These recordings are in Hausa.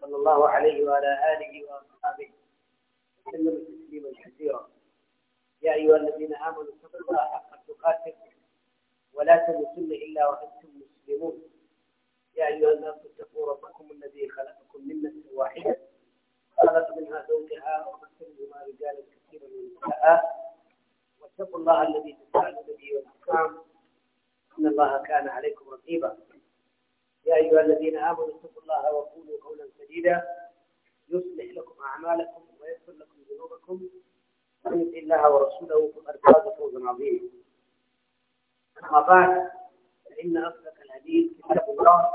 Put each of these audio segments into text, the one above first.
صلى الله عليه وعلى آله وأصحابه وسلم تسليما كثيرا يا أيها الذين آمنوا اتقوا الله حق تقاته ولا تموتن إلا وأنتم مسلمون يا أيها الناس اتقوا ربكم الذي خلقكم من نفس واحدة خلق منها زوجها وبث منهما رجالا كثيرا ونساء واتقوا الله الذي تساءلون به والأرحام إن الله كان عليكم رقيبا يا أيها الذين آمنوا اتقوا الله وقولوا قولا سديدا يصلح لكم أعمالكم ويغفر لكم ذنوبكم ومن يطع الله ورسوله فقد فاز فوزا عظيما أما بعد فإن أصدق الحديث كتاب الله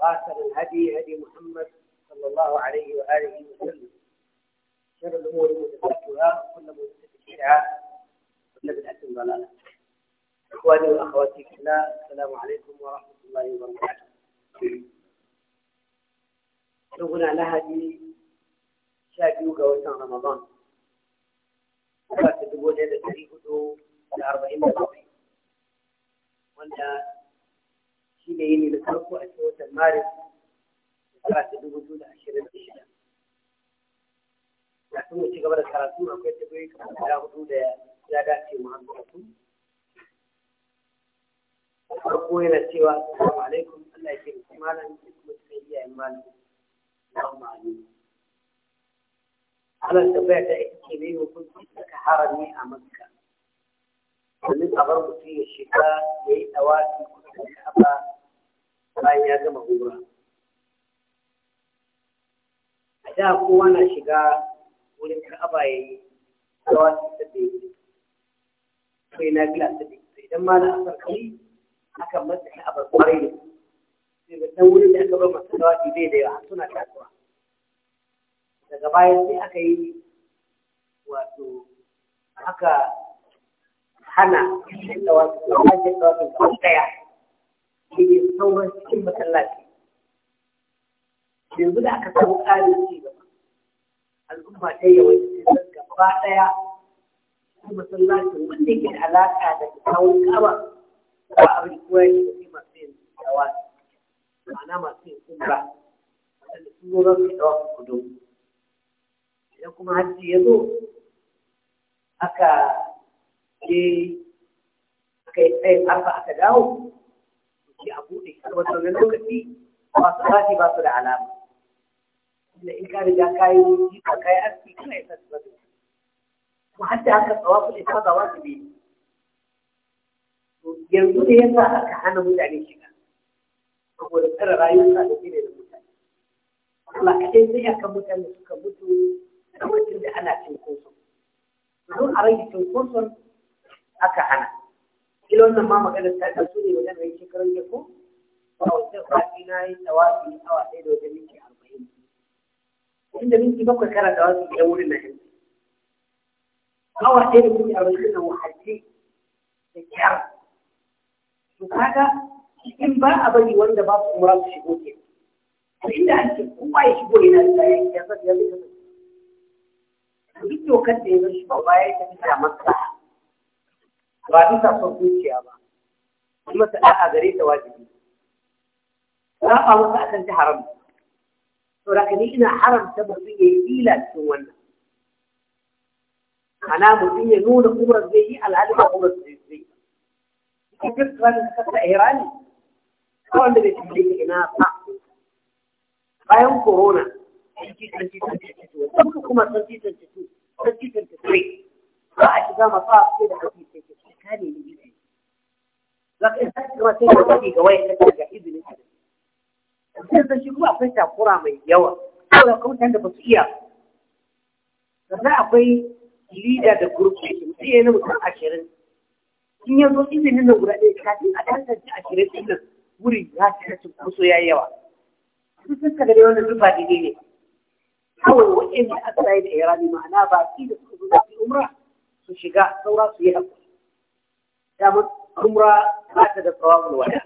وآخر الهدي هدي محمد صلى الله عليه وآله وسلم شر الأمور محدثاتها وكل محدثة بدعة وكل بدعة ضلالة إخواني وأخواتي في الله السلام عليكم ورحمة الله وبركاته yau muna lahadi sha biyu ga watan ramadan kuma ta dubu ɗaya da hudu da arba'in da bakwai wanda shi ne yini da farko a cikin watan maris da ta dubu biyu da ashirin da shida kafin mu ci gaba da karatu akwai tabiyoyi kamar guda hudu da ya cewa assalamu alaikum Allah ya shirya malam da kuma cikin iyayen malam Allahumma amin Allah tabbaya ta ita ce mai hukunci saka harami a Makka domin a bar mutum ya shiga ya yi dawaki kusa da Ka'aba bayan ya gama hura a da kowa na shiga wurin Ka'aba ya yi dawaki ta da ya yi ko yana gila ta da idan ma na asar kai akan matsa Ka'aba kwarai da na wurin da aka bar masu dawaki bai da yawa suna kasuwa daga baya sai aka yi wato aka hana cikin dawaki da wajen dawaki kamar ɗaya. shi ne sauran cikin masallaci yanzu da aka samu ƙarin ci gaba al'umma ta yawanci sun gaba ɗaya. cikin masallacin wanda yake da alaƙa da kawo kama ba abin koyar da masu yin dawaki ma'ana masu yin umra waɗanda sun zo don su ɗawa su kudu idan kuma hajji ya zo aka je aka yi tsayin arfa aka dawo ke a buɗe a wata lokaci ba su zafi ba su da alama inda in ka riga ka yi wuji ka kai aski kana isa su zafi kuma hajji haka tsawa kuɗi ta zawa su biyu yanzu ne yasa aka hana mutane shiga saboda tara rayuka da gine da mutane Allah kaɗai sai ya kan mutane suka mutu a mutum da ana cinkoso don a rage cinkoson aka hana ila wannan ma maganar ta ta su ne wajen rai shekarun da ko ba wajen kwafi na yi tawafi awa ɗaya da wajen minti arba'in inda minti bakwai kana tawafi ya wurin na yanzu awa ɗaya da minti arba'in na wahalce da kyar to kaga in ba a bari wanda ba su umra su shigo ke to inda an ce kowa ya shigo yana da yayin ya zai ya zai to duk dokar da ya zai shigo ba ya yi tafi da masa ba bisa son zuciya ba kuma sana'a gare ta wajibi sana'a masa akan ta haram to da kani ina haramta mutum ya yi fila cikin wannan ana mutum ya nuna umrar zai yi alhali ba umrar zai yi. Ita kira da kasa Irani ba wanda bai tambaye ka ina ba bayan corona 2022 wanda kuma 2022 2023 ba a shiga masu a da kafin sai ke ka ne ni izini za ka isa kuma sai ka faɗi ga wayan ka daga izinin ka sai da shi kuma akwai takura mai yawa saboda kuma da ba su iya sannan akwai lida da group ne mutum ya yi na mutum ashirin in yanzu izinin nan guda ɗaya kafin a tantance ashirin ɗin nan wurin ya cika cunkoso ya yi yawa sun ka gari wani zuba da daidai ne kawai wa'in da aka rayu da irani ma'ana baki da suka zuba da umra su shiga saura su yi haƙuri. Damar umra ba ta da tsawafin wada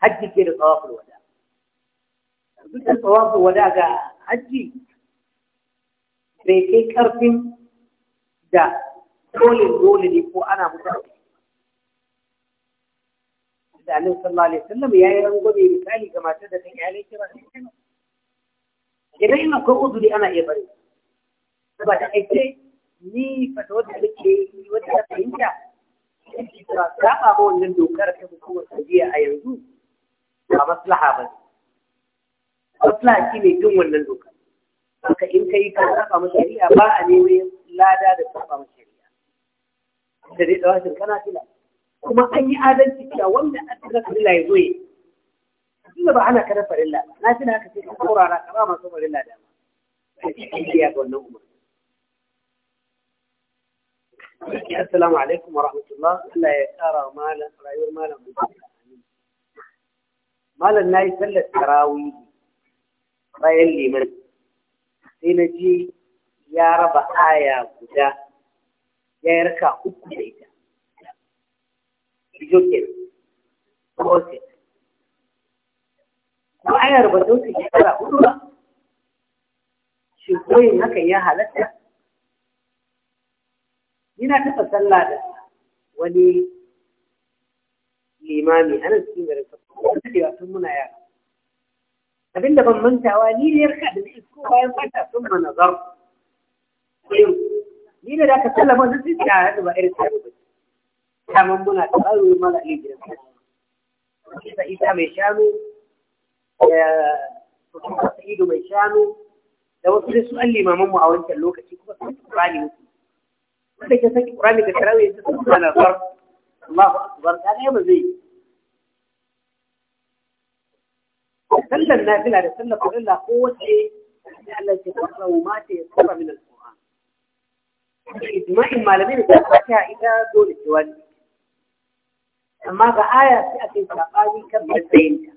hajji ke da tsawafin wada duk da tsawafin wada ga hajji bai kai karfin da dole dole ne ko ana mutane da annabi sallallahu alaihi wasallam ya yi rangwame misali ga matar da kan iyalai ke ba ta kai ba idan ina akwai uzuri ana iya bari ba ta aice ni fata da nake yi wata ta fahimta ba saba ba wannan dokar ta hukumar saudiya a yanzu ba maslaha ba ne maslaha shi ne bin wannan dokar haka in ka yi ka saba ma shari'a ba a neman lada da saba ma shari'a da dai tsawashin kana filaye kuma an yi adalci cewa wanda an tsira farilla ya zo ya tunda ba ana karar farilla na fi na ka ce ka saurara ka ba masu farilla da ma ka ci kiyaya ga wannan umar assalamu alaikum wa rahmatullah Allah ya tsara malam rayuwar malam malam na yi sallar tarawih bayan liman sai na ji ya raba aya guda ya yi raka uku da ita biyu ke ko ce ko ayar ba zo koyin hakan ya halatta yana da wani limami ana cikin garin kafa tun muna yara abin da ban mantawa ni ne yarka da zai ko bayan fata sun ma nazar ni ne da aka sallama su sai da ba irin sai ba daman muna tsaro mara iya gidan kisa isa mai shanu da mutum kasa ido mai shanu da wasu da su an limaman mu a wancan lokaci kuma su ci ƙurani mutu wanda ke saki ƙurani da tarawih yanzu su kuma nazar Allahu akbar ta ɗaya ba zai yi sallar nafila da sallar farilla ko wace sai Allah ke tsaro ma ta ya tsara min al-Qur'an ijma'in malamai da ta fatiha ita dole ce wani amma ga aya sai ake yi saɓani kan matsayinta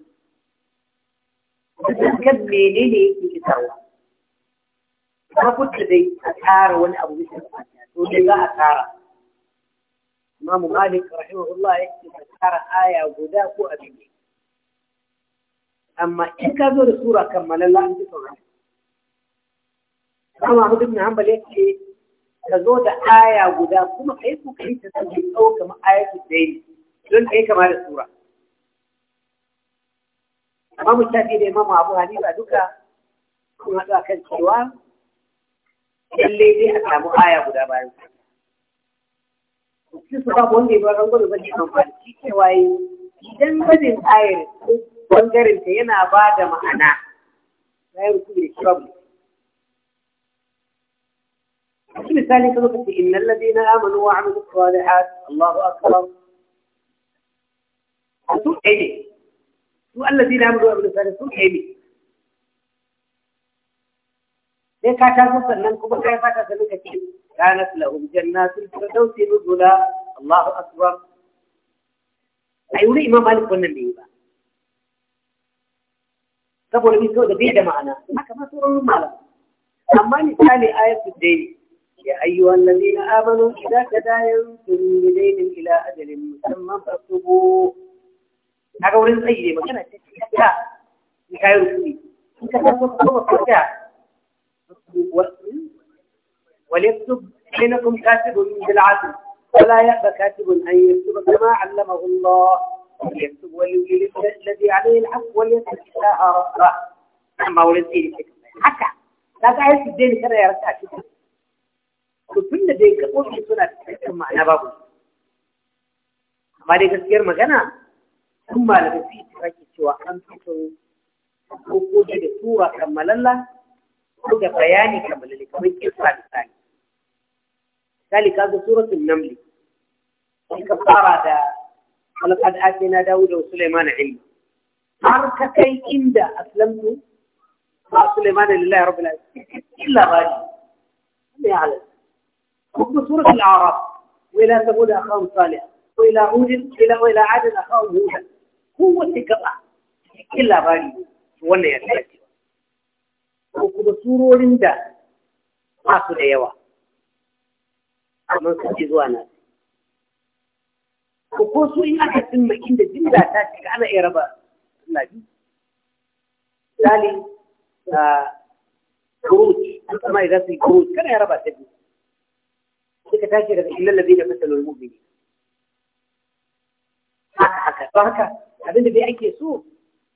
sannan kan menene yake isarwa ta kuta dai a tsara wani abu bisa fata to dai za a tsara imamu malik rahimahullah ya ce ka tsara aya guda ko abin ne amma in ka zo da sura kammalalla an ji sauran kama hudu na hanbal ya ce ka zo da aya guda kuma ka yi kokari ta sanya tsawo kamar ayatul daini don ta yi kama da sura imamu shafi da imamu abu hanifa duka sun haɗu a kan cewa lallai dai a samu aya guda bayan su su babu wanda ya bar rangon da zai amfani shi cewa yi idan gajin ayar ko bangaren ta yana ba da ma'ana bayan ku da shabu في مثال كذا إن الذين آمنوا وعملوا الصالحات الله أكبر su ɗaya ne su Allah zina mu zuwa da su ɗaya ne sai ka taso sannan kuma kai fata sanin ka ce ranar lahum jannatul firdausi nuzula Allahu akbar ai wuri imam malik wannan bai ba saboda bi da bai da ma'ana haka ma sauran malam amma misali ayatu dai يا أيها الذين آمنوا إذا تداينتم بدين إلى أجل مسمى فاكتبوه kaga wurin tsayi ne magana ce ta ni kai rufi in ka san wasu kuma ko ta وليكتب بينكم كاتب بالعدل ولا يأبى كاتب أن يكتب كما علمه الله وليكتب وليولي الذي عليه الحق وليكتب إساء ربه أما ولدي حكى لا تعرف الدين كذا يا رسول كل دين كقول سنة معنى بابه amma dai gaskiyar magana sun malamai su yi tiraki cewa an fito ko koje da tura kammalalla ko da bayani kammalalle kamar kisa misali misali ka ga suratul namli sai ka fara da alqad atina dawuda wa sulaymana ilma har ka kai inda aslamtu ma sulaymana lillahi rabbil alamin illa bani ne halal kuma suratul a'raf وإلى ثمود أخاهم صالحا وإلى هود إلى وإلى عاد أخاهم هودا kowace gaba cikin labari wannan ya lalace ko kuma surorin da ba su da yawa amma su ce zuwa na ko ko su in aka cimma inda jimla ta cika ana iya raba na biyu misali kuruci an kama idan su yi kuruci kana ya raba ta biyu suka tashi daga illal da fasalul mubi haka haka abin da dai ake so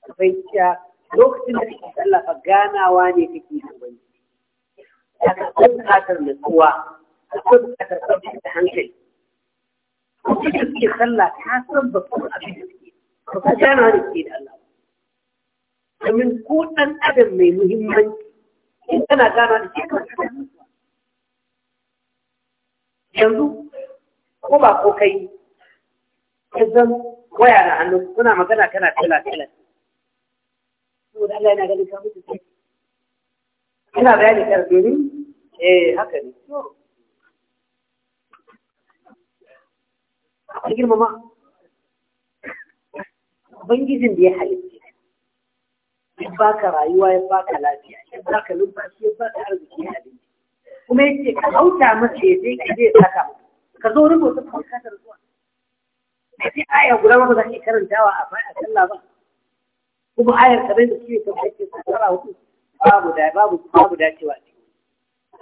ka fahimta lokacin da kake tsallafa ganawa ne kake da wani akwai buƙatar nutsuwa akwai buƙatar ɗauki da hankali kuma da suke sallah ta san babban abin da suke ba ka gana da suke da Allah domin ko ɗan adam mai muhimmanci in kana gana da shi kan yanzu ko ba ko kai ka zama. waya da hannu kuna magana kana tela tela saboda Allah yana ganin ka mutu ina bayani kan domin eh haka ne akwai girmama ubangijin da ya halitta ya baka rayuwa ya baka lafiya ya baka numfashi ya baka arziki ya kuma ya ce ka hauta masa ya je ka je ya saka ka zo rubuta a ce aya guda ba za ka iya karantawa a bayan sallah ba kuma ayar kamar da shi kamar yake sallah hudu babu da babu babu dacewa ce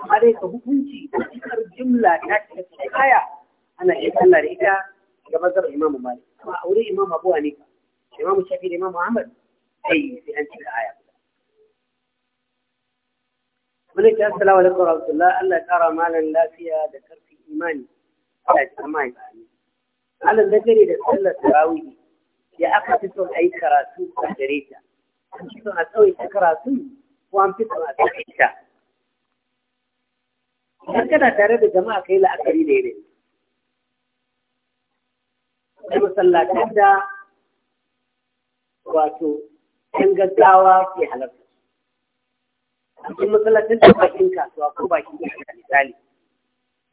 amma dai ka hukunci a cikar jumla ta cikin aya ana iya sallah da ita ga mazhar Imam Malik amma aure Imam Abu Hanifa Imam Shafi'i Imam Muhammad sai sai an cika aya Malik assalamu alaikum wa rahmatullah Allah ya kara malan lafiya da karfin imani Allah ya kama imani على النجري للسلة التراوي يا أخي تسون أي كراسو كجريتا تسون أسوي كراسو وأم تسون أسوي لكن أترى بجماعة كيلا أكري ليلي المصلى كندا واتو كنجد دعوة في حلقة المصلى كندا باشين كاسو أكو باشين كاسو مثالي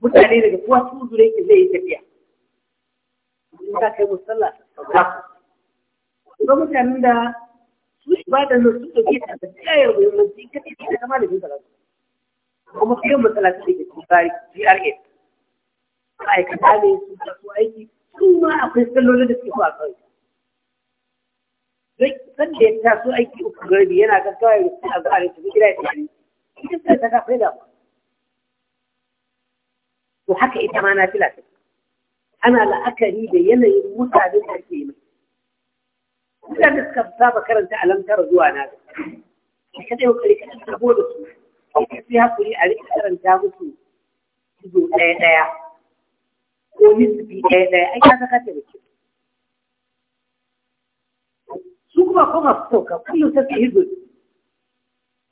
مثالي لكي فواتو دوليك إزاي تبيع in za ka yi musalla sassauta ga mutanen da su ibadar da su ɗauke ta da tsayar muhimmanci ka ce ta kama da bisa kuma fiye matsala ta ke tsari GRA ma'aikata ne su kasu aiki su ma akwai sallolin da suke ko a kawai duk sanda ta taso aiki uku garbi yana gaggawa ya rufe a zuwa rufe gida ya tafi ita sai ta kafai da to haka ita ma na fila take ana la'akari da yanayin mutane da ke mai da suka saba karanta alamtar zuwa na da ka dai kokari ka tabo da su ka fi hakuri a rika karanta musu su zo ɗaya ɗaya ko fi ɗaya ɗaya ai ya saka ta da ke su kuma kuma su sauka kullum ta su hizo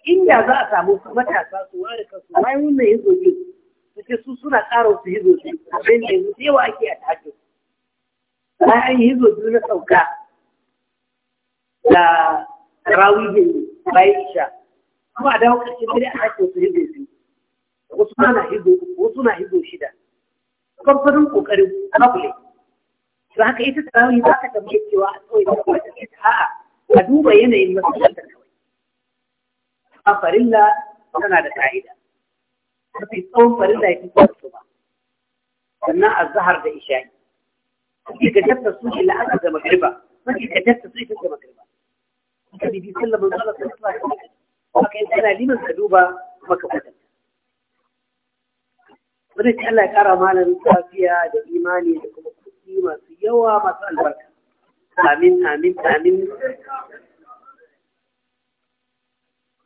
inda za a samu matasa su ware kansu bayan wannan hizo ne suke su suna ƙara su hizo su abin da yanzu da yawa ake a tahajjud bayan hizo su na sauka da rawi ne bayan isha kuma a dawo ƙarshen gida a sake su hizo su wasu na hizo wasu na hizo shida kamfanin ƙoƙarin kabule don haka ita tarawih ba ka tambaye cewa a tsawai da kuma tafi a'a a duba yanayin masallacin kawai Afarin farilla tana da ka'ida mafi tsawon farilla ya fi kwarto ba sannan azhar da isha'i sai ka jatta su shi la'asar da magriba sai ka jatta su ita da magriba ka bibi sallar manzo Allah sallallahu alaihi wasallam haka in kana liman ka duba maka kwatan wannan shi Allah ya kara malam lafiya da imani da kuma kuɗi masu yawa masu albarka amin amin amin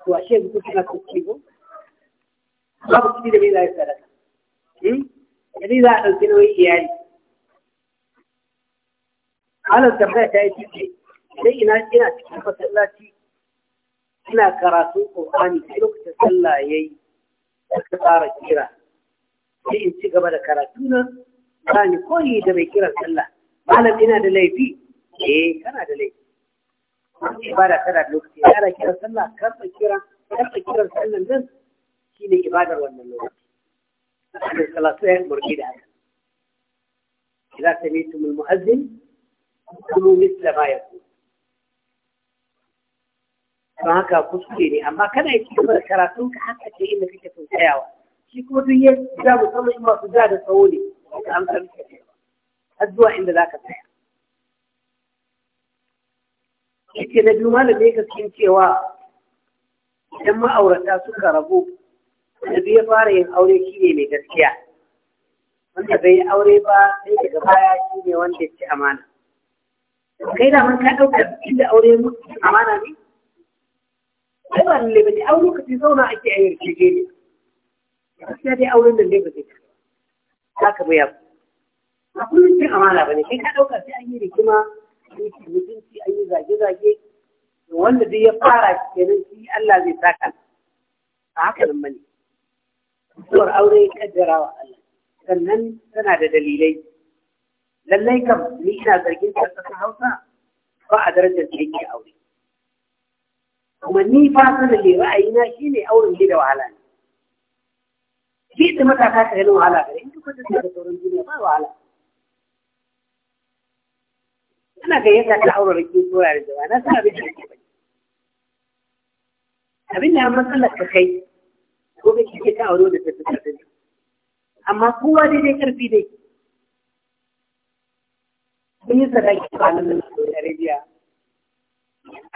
to ashe ku kana kuɗi ko babu kuɗi da me za a yi sadaka yanzu hmm? za a ɗauki nauyin iyali halar tambaya ta yi ciki sai ina ina cikin masallaci ina karatun ƙur'ani a lokacin sallah ya yi ta fara kira sai in ci gaba da karatuna ba ni koyi da mai kiran sallah malam ina da laifi eh kana da laifi wani ibada tana da lokaci yara kiran sallah karɓa kiran karɓa kiran sallan nan كيني إبادة ونلوه أحد الثلاثين مرقيد عنه إذا سميتم المؤذن كنوا مثل ما يكون فهكا قصيني أما كان يتكلم الكراتون حتى كي إنك تكون حيوة شكو دي يجب صلى الله عليه وسلم صولي أمسا بكثير الدواء عند ذاك الصحيح لكن نجمال ليك كنتي و لما أورثا سكر أبوك wanda ya fara yin aure shi ne mai gaskiya wanda bai aure ba sai daga baya shi ne wanda ya ci amana kai da man ka ɗauka inda aure amana ne Sai ba lalle ba ne a lokaci zauna ake a yarjejeniya gaskiya dai auren nan ne ba zai ta ka bayar a kullum cin amana ba ne kai ka ɗauka sai an yi rikima, an yi mutunci an yi zage-zage wanda dai ya fara kenan shi Allah zai saka a haka nan ba ne دور أولي كدرا سنن سنة دليلي لليكم ليشنا زرقين سلطة حوصا فأحد رجل تحيكي أولي ومني فاصل اللي رأينا شيني أولي جدا وعلان جئت متى فاتح لهم على غير انتو كنت تسير دورن دوني ما وعلا أنا قيتها كحور رجل سورة رجوانا سنة بجل أبنى أمسلك تخيل ko kai kike ka aure da tafi amma kowa dai dai karfi dai mun yi sadaki a nan Saudi Arabia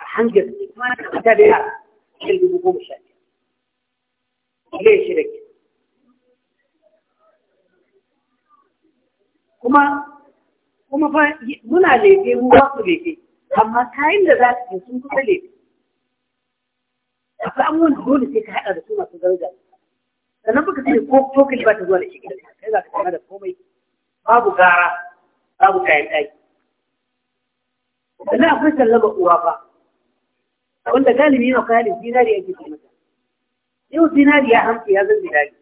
a hangar kuma ta da yara cikin dubu goma sha biyar ile shi da ke kuma kuma fa muna lefe mu ba su lefe amma kayan da za su je sun kusa lefe akwai abubuwan da dole sai ka haɗa da su masu daraja sannan baka sani ko tokali ba ta zuwa da shi kai kai za ka tana da komai babu gara babu kayan ɗaki sannan akwai sallama uwa ba wanda galibi yana kwa halin zinari ake ke mata yau zinari ya hamsi ya zan zinari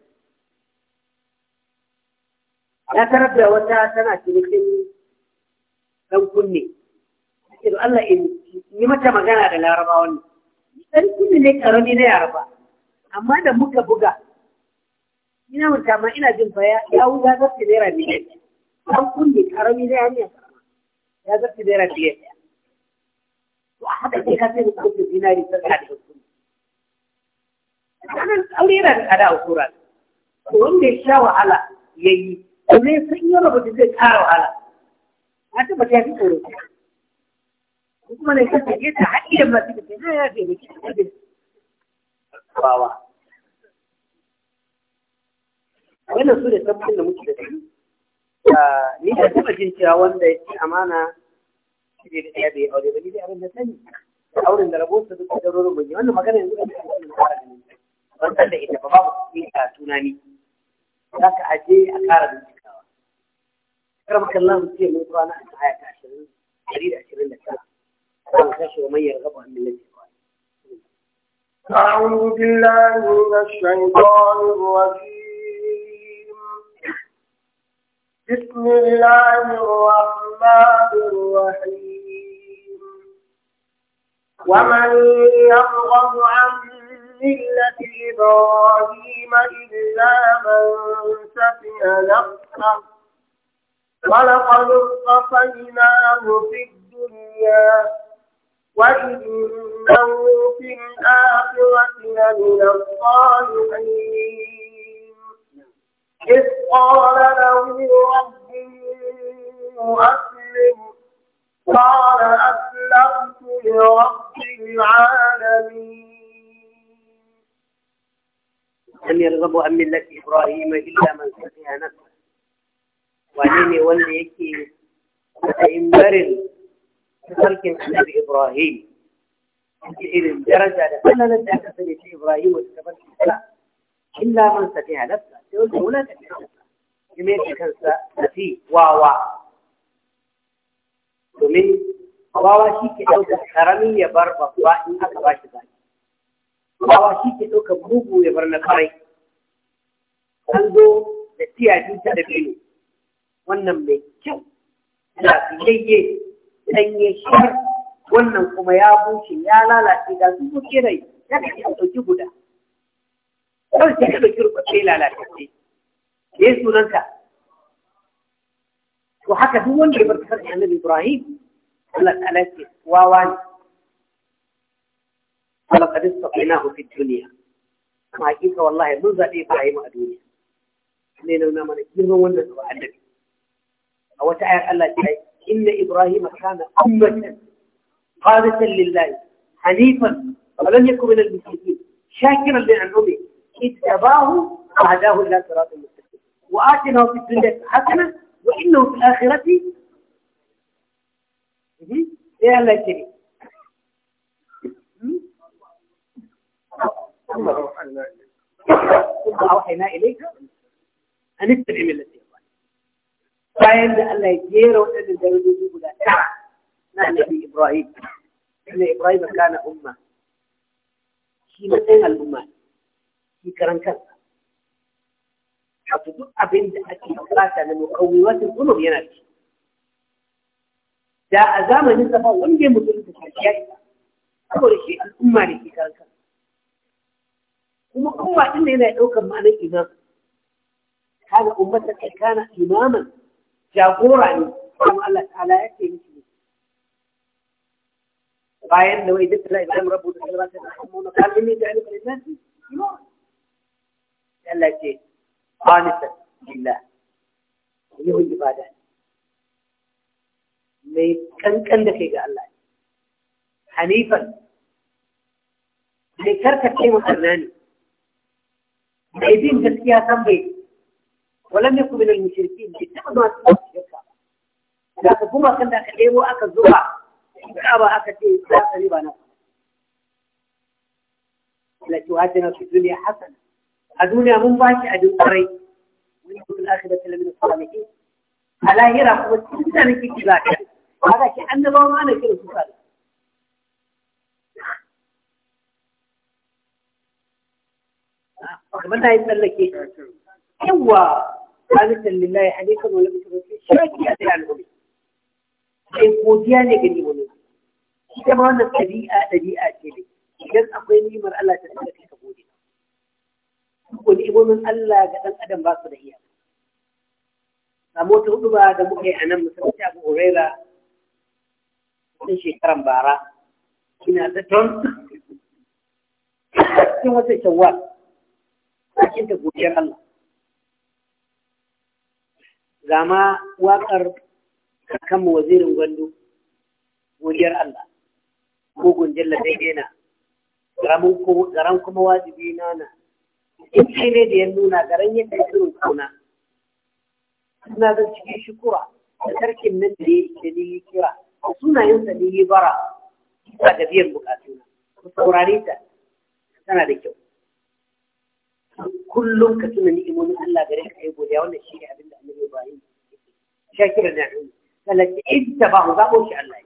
ya tarar da wata tana cinikin dan kunne Allah in yi mata magana da larabawa ne sarki ne karami na yarba amma da muka buga ina mutu amma ina jin baya ya wuza za su naira biyar an kunne karami na yarinya ya zafi naira biyar to a haka ke ka sai da kudin dinari ta da sanan aure yana da kada a kura to wanda ya sha wahala ya yi kuma ya san yi rabu da zai kara wahala na tabbata ya fi tsoro ko kuma ne kan take ta har idan ba take zai ya fi miki take bawa wannan su da tabbacin da muke da su ah, ni da taba jin cewa wanda ya ci amana shi ne da ya da aure ba ni dai abin da sani auren da rabonsa duk da darorin bunyi wannan magana yanzu da ta yi fara ganin ban san da ita ba babu ni a tunani za ka aje a ƙara bincikawa kar makallan ce mun na a haya ta ashirin ɗari da ashirin da tara أعوذ بالله من الشيطان الرجيم بسم الله الرحمن الرحيم ومن يرغب عن ملة إبراهيم إلا من سفه نفسه ولقد اصطفيناه في الدنيا وإنه في الآخرة لمن الصالحين إذ قال له ربي أسلم قال أسلمت لرب العالمين لم يرغب عن ملة إبراهيم إلا من سفه نفسه wane ne فإن yake halkin annabi Ibrahim da irin daraja da falalar da aka sani ta Ibrahim wata ta barci ta illa man safiha nafsa sai wanda wulaka ta nafsa ya mai da kansa fi wawa domin wawa shi ke ɗauka karami ya bar babba in aka ba shi zaki wawa shi ke ɗauka bugu ya bar na farai an zo da tiyaji ta da bilu wannan mai kyau fiye-fiye. danye shar wannan kuma ya bushe ya lalace da su kuke yi ya kace a ɗauki guda kawai sai ka ɗauki dauki rubatse ya yayi sunanta to haka duk wanda ya bar kasar annabi Ibrahim Allah ta'ala ce wawa ne Allah ka ولقد استطعناه في الدنيا ما كيف والله من زادي a duniya ne nuna mana girman wannan zuwa annabi a wata ayar Allah ta yi إن إبراهيم كان أمة قادة لله حنيفا ولم يكن من المشركين شاكرا لأنعمه اتباه وهداه إلى صراط المستقيم وآتناه في الدنيا حسنة وإنه في الآخرة يا الله يجري ثم أوحينا إليك أن اتبع ملتي bayan da Allah ya jera waɗannan darajoji guda tara na annabi Ibrahim inna Ibrahim kana umma shi matsayin al'umma shi karan kansa wato duk abin da ake bukata na mukawwiwatin ulum yana da shi da a zamanin sa wanda ya mutu da shi ya isa saboda shi al'umma ne ke karan kansa kuma kowa din ne yana ɗaukar ma'anar imam kana ummatan kana imaman jagora ne kuma Allah ta'ala ya ce miki bayan da wai duk da idan rabu da kalma sai an mun kalmi da alƙalmi lillahi Allah ce qanita lillah yau ibada mai kankan da kai ga Allah hanifan mai karkace mutane ne mai bin gaskiya san bai ولم يكن من المشركين لكن ما شركا da ka kuma kan da ka ɗebo aka zuba ba aka ce za في الدنيا حسنة الدنيا مباشرة أدو قري ويكون الآخرة لمن الصالحين على هيرا قوة سنة في كباك هذا كأن الله ما أنا كنت سؤال أخبرنا يسأل لك إيه؟ يوا أيوة. خالصا لله حنيفا ولم تكن فيه شركا عنهم sai godiya ne gani wani ita ma wannan ɗabi'a ɗabi'a ce ne idan akwai ni'imar Allah ta tsaka kai ka gode ko ni'imomin Allah ga ɗan adam ba su da iya a mota hudu ba da muka yi a nan musamman abu huraira cikin shekaran bara ina da ton cikin wata shawwal cikin ta godiyar Allah Gama wakar waƙar wazirin gwando godiyar Allah ko jalla sai dena garan kuma wajibi na na in shi ne da ya nuna garan yadda ya shirin kuna suna zan cikin kura da sarkin nan da ya da yi kira da sunayensa ne ya bara a gabiyar bukatuna ku saurare ta tana da kyau kullum ka tuna ni'imomin Allah gare ka yi godiya wannan shi ne abin ابراهيم عشان كده قالت قال لك انتبهوا بقى وش الله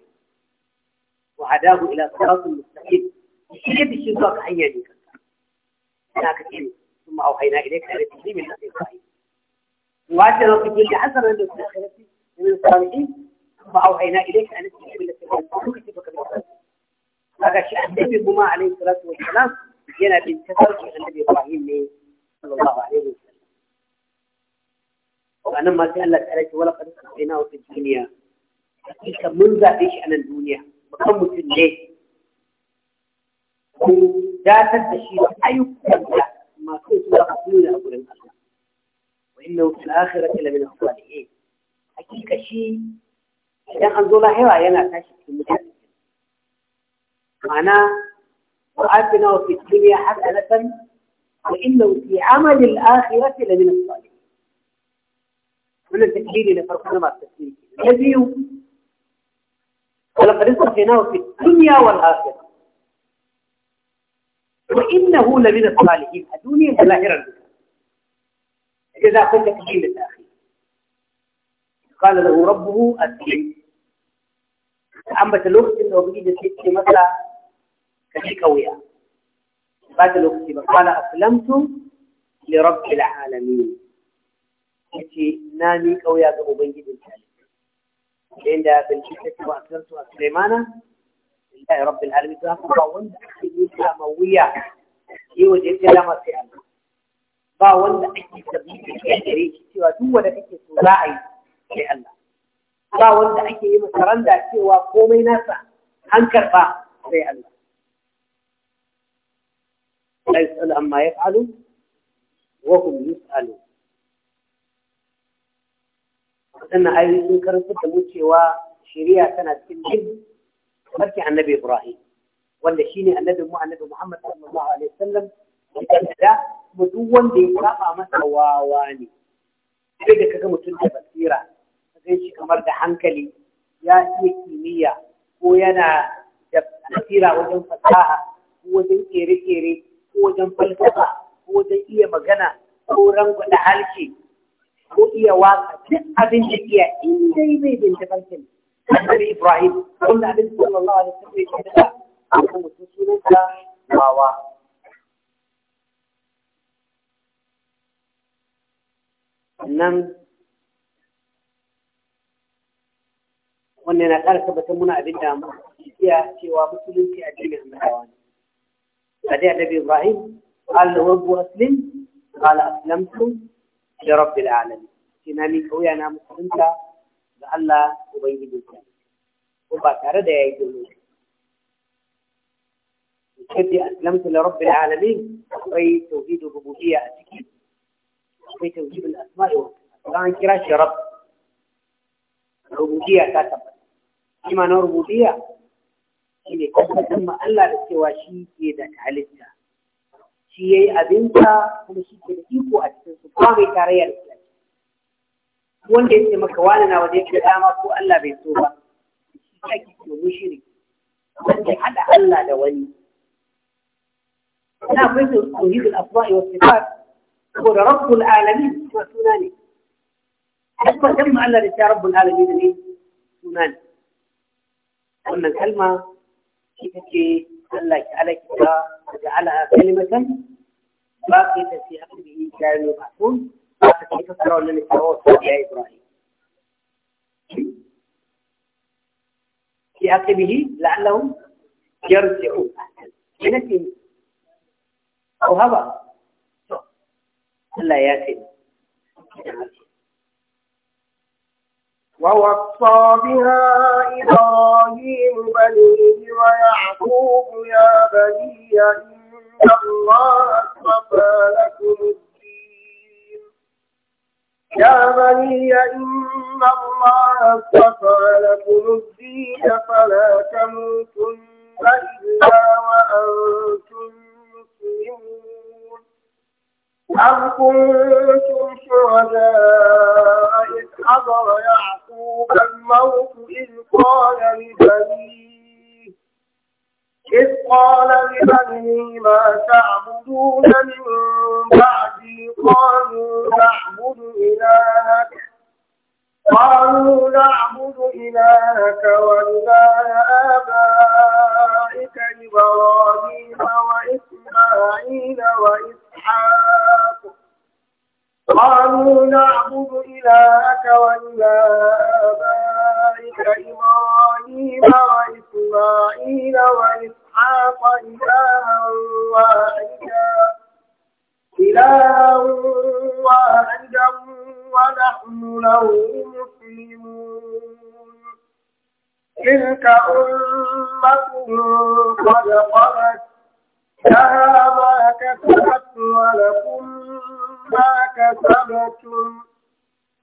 وهداه الى صراط مستقيم الشباك الشيطان حياني هناك ثم اوحينا اليك على تسليم النبي ابراهيم وعدنا في كل حسنه من الاخره من الصالحين ثم اوحينا اليك على تسليم التي كتبك بالصلاه هذا شان النبي عليه الصلاه والسلام yana bin tafarkin annabi Ibrahim ne sallallahu alaihi anan masu sai Allah ta alaƙi wala kan sai na wata duniya hakika mun zaɓe shi a nan duniya bakan mutum ne ku datar da shi da ayyukan da masu su da kasu ne a gurin Allah wa inna fil akhirati la min salihin hakika shi idan an zo lahira yana tashi cikin mutane ma'ana وآتنا في الدنيا حسنة وإنه في عمل الآخرة لمن الصالحين من taklili na farko na masu tafsiri ولقد استخدمناه في الدنيا والآخرة وإنه لمن الصالحين الدنيا ظاهرا إذا قلت تكليم الآخر قال له ربه أسلم عمت الوقت إنه بيجي ست مثلا كشيك وياه بعد الوقت قال أسلمت لرب العالمين ce na mi kauya ga ubangijin talibai inda bincike ta ce a asirtu a sulaimana lillahi rabbil alamin to haka ba wanda ake yi ma wuya yi waje ta lama sai Allah ba wanda ake tabbata a gare shi cewa duk wanda ake so za a yi sai Allah ba wanda ake yi masa da cewa komai nasa an karba sai Allah لا يسأل عما يفعل وهم يسألون waɗannan ayoyi sun karanta da mu cewa shari'a tana cikin jin barki annabi Ibrahim wanda shine annabi mu annabi Muhammad sallallahu alaihi wasallam da kuma duk wanda ya saba masa wawa ne sai da kaga mutum da basira sai shi kamar da hankali ya iya kimiyya ko yana da basira wajen fasaha ko wajen kere-kere ko wajen falsafa ko wajen iya magana ko rangwada halki. ko iya waka duk abin da iya in dai bai binta farkin annabi Ibrahim wanda abin sallallahu alaihi wasallam ya ce da akan mutum sunan sa wawa sannan wannan na ƙara tabbatar muna abin da iya cewa musulunci addinin Ahmadawa ne. Sadi Annabi Ibrahim, Allah wa Muslim, Allah aslamtum لرب العالمين إنني قوي أنا مسلم لا لألا أبين لك وبكر دعي قلوك كدي أسلمت لرب العالمين أخري توحيد الربوبية أتكيد أخري توحيد الأسماء وأخري كراش رب ربوبية كتب إما نور ربوبية إني كتب ثم ألا شيء كيدك علتها shi yayi abinsa kuma shi ke da iko a cikin su ba mai tarayya da shi wanda ya ce maka wani na waje da dama ko Allah bai so ba shi ake ce mushrik wanda hada Allah da wani أنا alamin توحيد الأطباء والصفات هو رب العالمين سناني حتى كلمة alamin ne suna. العالمين لي سناني وأن الكلمة Allah كي ألا عليك وجعلها كلمة باقية في أمره إلى يوم يبعثون كيف ترون الذي تروه يا إبراهيم في أقبه لعلهم يرجعون لنسي أو هذا لا ياتي ووصى بها إبراهيم بنيه ويعقوب يا بني إن الله اصطفى لكم الدين يا بني إن الله اصطفى لكم الدين فلا تموتن إلا وأنتم مسلمون أم كنتم شهداء إذ حضر يعقوب الموت إذ قال لبنيه إذ قال لبنيه ما تعبدون من بعدي قالوا نعبد إلهك قالوا نعبد إلهك وإله آبائك إبراهيم وإسماعيل وإسحاق قالوا نعبد إلهك وإله آبائك إبراهيم وإسماعيل وإسحاق إلها واحدا إله واحد ونحن له مسلمون تلك أمة قد خلت لها ما كسبت ولكم ما كسبتم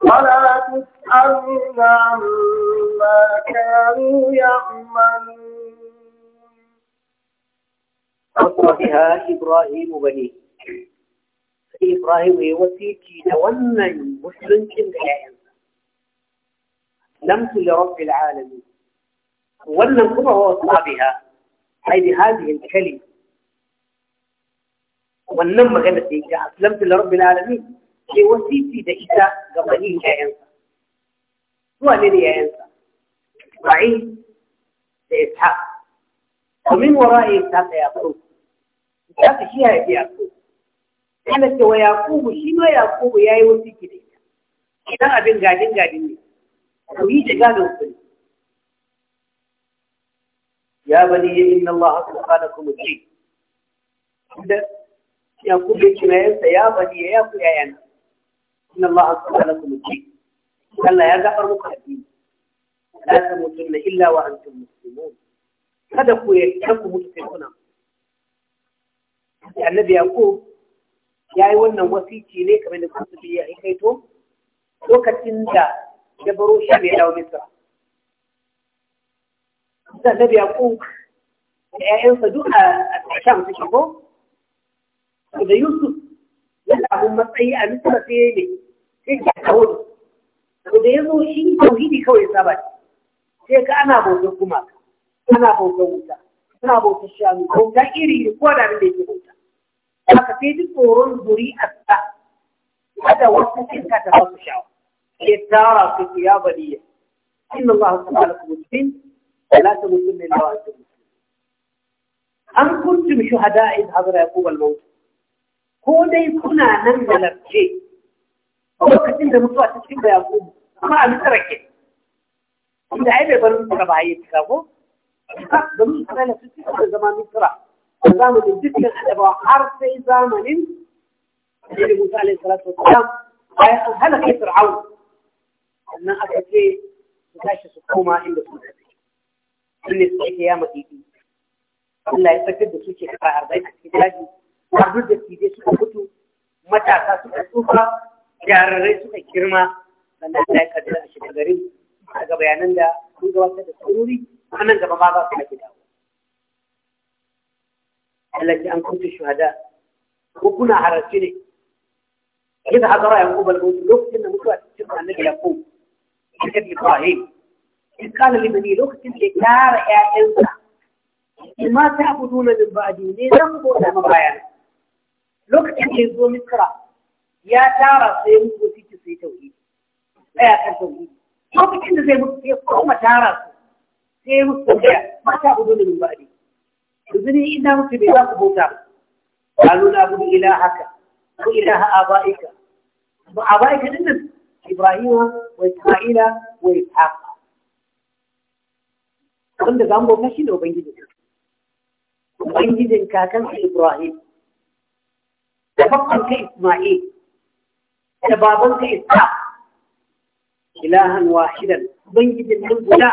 ولا تسألون عما كانوا يعملون وصفها إبراهيم بنيه إبراهيم مسلم نونا مسلمك بالعين لمس لرب العالمين ونن قبع وصابها حيث هذه الكلمة ونم غلطي أسلمت لرب العالمين كي وسيتي دكتا قبلين يا إنسا هو لين يا إنسا إسماعيل لإسحاق ومن وراء إسحاق يا أخوك إسحاق شيئا يا أخوك yana cewa yakubu shi ma yakubu ya yi wasu gida idan abin gadin gadin ne ku yi shiga da wasu ya bani ya inna Allah haka da kada kuma ce inda yakubu ya kira yansa ya bani ya yaku ya yana inna Allah haka da kada kuma ce Allah ya gafar muku addini la tamutunna illa wa antum muslimun kada ku ya ku mutu kai kuna annabi yakub ya yi wannan wasici ne kamar da kuma ya aikaito lokacin da ya baro shi mai dawo misra da biya ku da ‘ya’yansa duk a sham suke ko da yusuf ya samu matsayi a misra sai ne sai ya kawo to da ya zo shi tauhidi kawai saba sai ka ana bautar gumaka ana bautar wuta ana bautar shanu ko iri iri ko da abin da yake bauta هكذا تورون دوري أستا هذا وصف تلك تفضل شعور إتارة في ثيابة لي إن الله سبحانه مجفن فلا تمثل من الله المسلم أم كنتم شهداء حضر يقوب الموت هو دي كنا ننزل بشيء هو كتن ده مطوع تشكيب يقوب ما أمترك إذا عيب يبنون ربعي يتكابو فقط دمون سبحانه تشكيب زمان مطرح Za zamanin dukkan adabawa har sai zamanin Annabi Musa alaihi salatu wassalam bayan an hana kai Fir'aun sannan aka ce su tashi su koma inda su tafi sun ne su ake yama didi Allah ya tsakar da su ke kafa arba'in a cikin daji har duk da su suka mutu matasa suka tsufa jararai suka girma sannan ta ya kaddara a shiga garin a bayanan da sun gabatar da tsorori a nan gaba ma za su ake dawo التي أن الشهداء شهداء وكنا حرسيني إذا حضر يعقوب الموت لوقت إن موسى تسمع النبي يعقوب كتب إبراهيم إذ قال لبني لوقت إن لكار أنت ما تعبدون من بعدي ليه نقول ما بعيان لوقت إن يزو مصر يا ترى سيموت في في توحيد لا يا توحيد لوقت إن زي مصر يقوم ترى سيموت ما تعبدون من بعدي izini ina mutu bai za ku bauta qalu na abudu ilahaka ko ilaha abaika ba abaika din nan wa isma'ila wa ishaq shi ne ibrahim da ka isma'il da ka ishaq ilahan wahidan ubangijin nan guda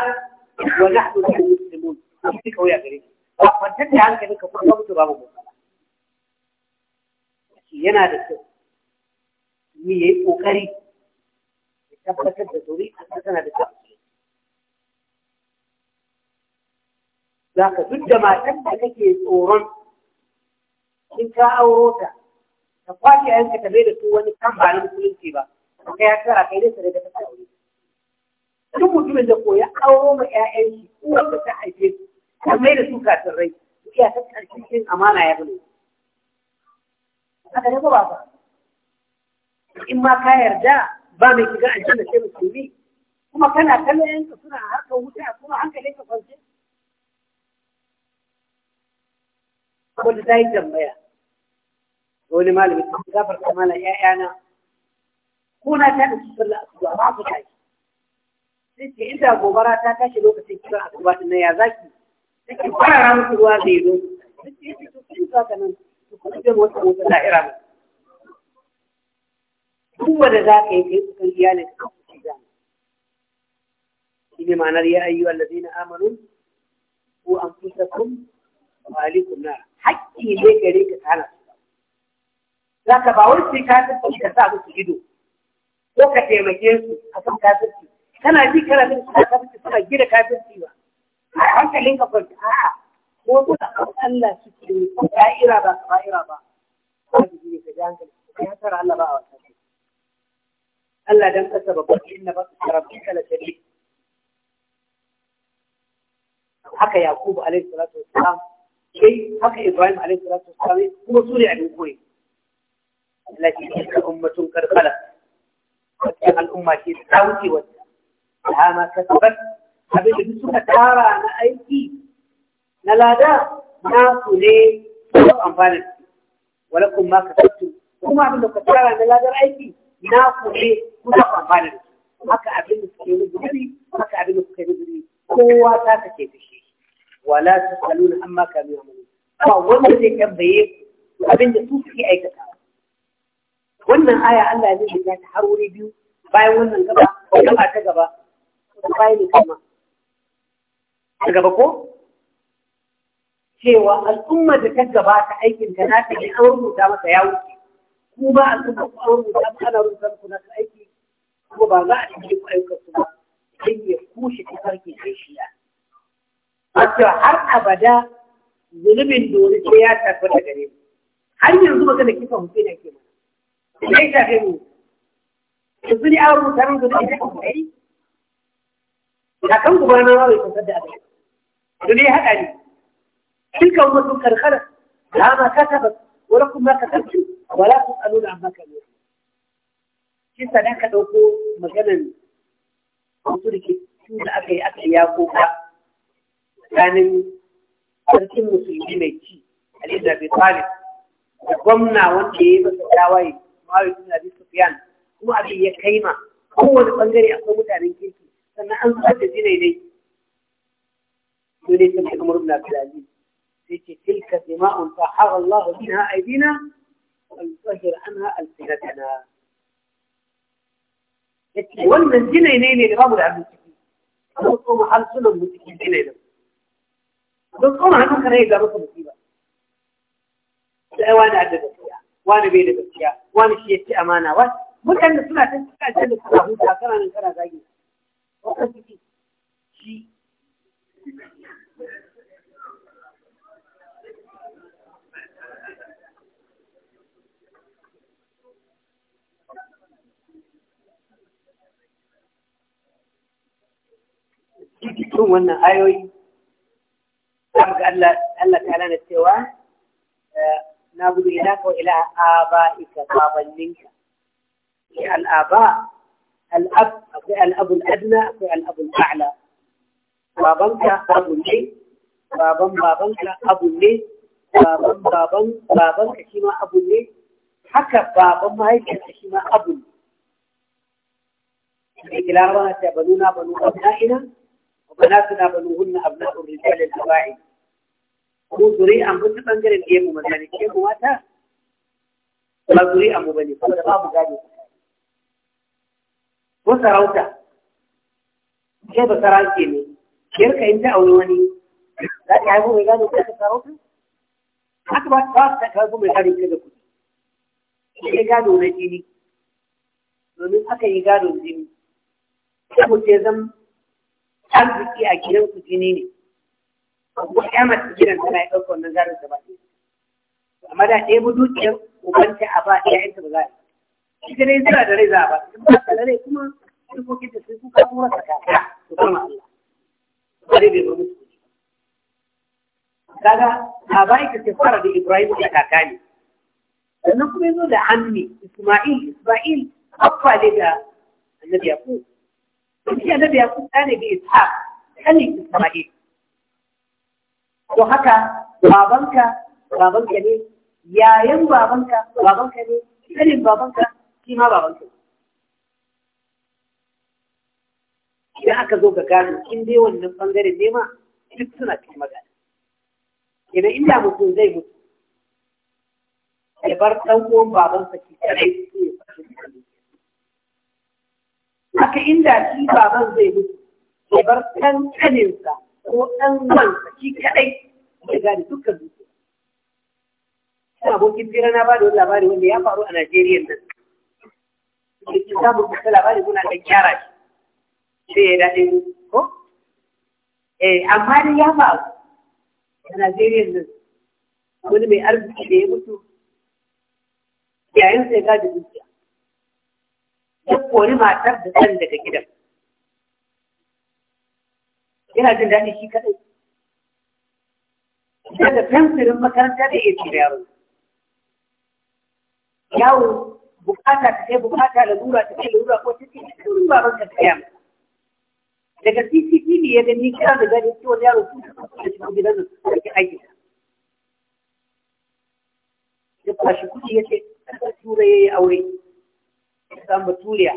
wa nahnu muslimun duk kauya gare shi kwantar da hankali ka kuma mutu babu matsala yana da kyau ni yi ƙoƙari ya tabbatar da zuri a tana da kyau za ka duk da matan da kake tsoron in ka auro ta ka kwashe yanka ta mai da su wani kan ba na musulunci ba ka ya tara kai nesa da ta aure duk mutumin da koya auro ma 'ya'yan shi uwar da ta haife su kamar da su kafirai iya ta karshen cin amana ya bane. Aka ne ba ba in ma ka yarda ba mai shiga aljanna sai musulmi kuma kana kallon yanka suna haka wuta kuma hankalin ka kwance wanda ta yi tambaya wani malami ta sun gafar kamala ‘ya'yana na. ta da su sallah asuba ba ku tashi sai ce inda gobara ta tashi lokacin kiran asuba ɗin na ya zaki take kwarara musu ruwa zai zo sun za ka nan su kuma zai wata wata da'ira duk wanda za ka yi kai su kan iyalin ka kan kuci da shi ne ma'anar ya ayyu allazina amanu ko an fusakum wa alaikum na hakki ne gare ka kana za ka ba wai sai ka tafi ka sa musu ido ko ka taimake su a kan kafirci kana ji kana jin kafirci suna gida kafirci ba a hankalin ka kwanci a'a ko kuna Allah suke yi ko da'ira ba kaba'ira ba ba su ji ka ji hankali ka yi hasara Allah ba a wata Allah dan kasa babban inna ba su karabin kala shari'a haka Yakubu alaihi salatu wassalam شيء حق إبراهيم عليه الصلاة والسلام هو سوري عن أبوي التي تلك أمة قد خلت وتلك الأمة في التوت والسلام لها ما كسبت abin da suka tara na aiki na lada na su ne su amfana walakum ma kasabtu kuma abin da ka tara na ladar aiki na ku ne ku da su. haka abin da suke yi guduri haka abin da suke yi guduri kowa ta kace da shi wala tusaluna amma kanu yamuru ba wanda zai tambaye ku abin da su suke aikata wannan aya Allah ya zai ta har wuri biyu bayan wannan gaba gaba ta gaba bayan kuma a gaba ko cewa al’umma da ta gabata aikin ta nata ne an rubuta masa ya wuce ku ba al'umma ku an rubuta ba ana rubuta ku na aiki kuma ba za a cikin ku aika su ba sai ya kushe ta farki sai shi ya wato har abada zulumin dole sai ya tafi da gare mu har yanzu ba magana kifa hussein ke mana sai shafe mu yanzu ne an rubuta min zulumin da kuma yi Da kan gubana ma bai kusa da abin da ya haɗa ni تلك أمة قد ما ولكم ما ولا عما كانوا ɗauko maganan wasu da aka yi aka ya tsakanin sarkin musulmi mai ci Ali da gwamna wanda ya yi masa tawaye Muawiya bin Abi Sufyan kuma abin ya kaima kowane ɓangare akwai mutanen kirki sannan an da jinai dai dole sun ce kamar ibn abdulaziz sai ce tilka dima'un tahara Allah minha aidina wa yutahhir anha alsinatana yace wannan sai wani adda gaskiya wani bai da cikin wannan ayoyi za ga Allah Allah ta'ala na cewa na gudu ila ka ila aba'ika babanninka ya al'aba al'ab akwai al'abul adna akwai al'abul a'la babanka abu ne baban babanka abu ne baban baban babanka shi ma abu ne haka baban mahaifiyarka shi ma abu ne. Ikilama ta banuna banu abna'ina بناتنا بنوهن أبناء الرجال الأواعي ko zuri'an ba ta bangaren da ya mu maza ne mu mata ba zuri'an mu bane saboda babu gado ko sarauta ke ba ne kiyar in ta aure wani za ta haifu mai gado ko ta sarauta haka ba ta haifu mai harin ka da kuɗi shi ne gado na jini domin aka yi gado jini sai ce zan arziki a gidan ku jini ne ko ya mace gidan tana ya ɗauka wannan zarar gaba ɗaya amma da ɗaya bu dukiyar ubanta a ba ya ita ba za a yi ita zira da rai za a ba in ba ta da rai kuma dokokin da sai kuka kuma saka su kama Allah ba dai bai ba musu kaga babai ka ce fara da Ibrahim da kaka ne sannan kuma yazo da ammi Isma'il Isma'il abba ne da annabi Yaqub shi annabi yaqub ɗa ne ga ishaq kanin isma'il to haka babanka babanka ne yayan babanka babanka ne kanin babanka shi ma babanka idan aka zo ga gado in dai wannan bangaren ne ma duk suna cikin magana idan inda mutum zai mutu ya bar ɗan uwan babansa ke kare su ya fashe haka inda shi baban zai mutu ya bar ɗan kaninsa ko ɗan wansa shi kaɗai ya gane dukkan zuciya. Ina abokin fira na bada wani labari wanda ya faru a Najeriya nan. Yake samun kusa labari muna ɗan gyara shi. Sai ya daɗe ko? Eh, amma dai ya faru a Najeriya nan. Wani mai arziki da ya mutu yayin sai gadi zuciya. ya kori matar da zan daga gidan yana jin daɗi shi kaɗai daga fensirin makaranta da ya cire yaro yawo bukata ta kai bukata lalura ta kai lalura ko ta ce ta kai baban ka ta yamma daga cctv ya gani kira da gani ce wani yaro sun tafi da shi gidan da su ɗauki aiki ya kwashi kuɗi ya ce ƙasar turai ya yi aure ya samu baturiya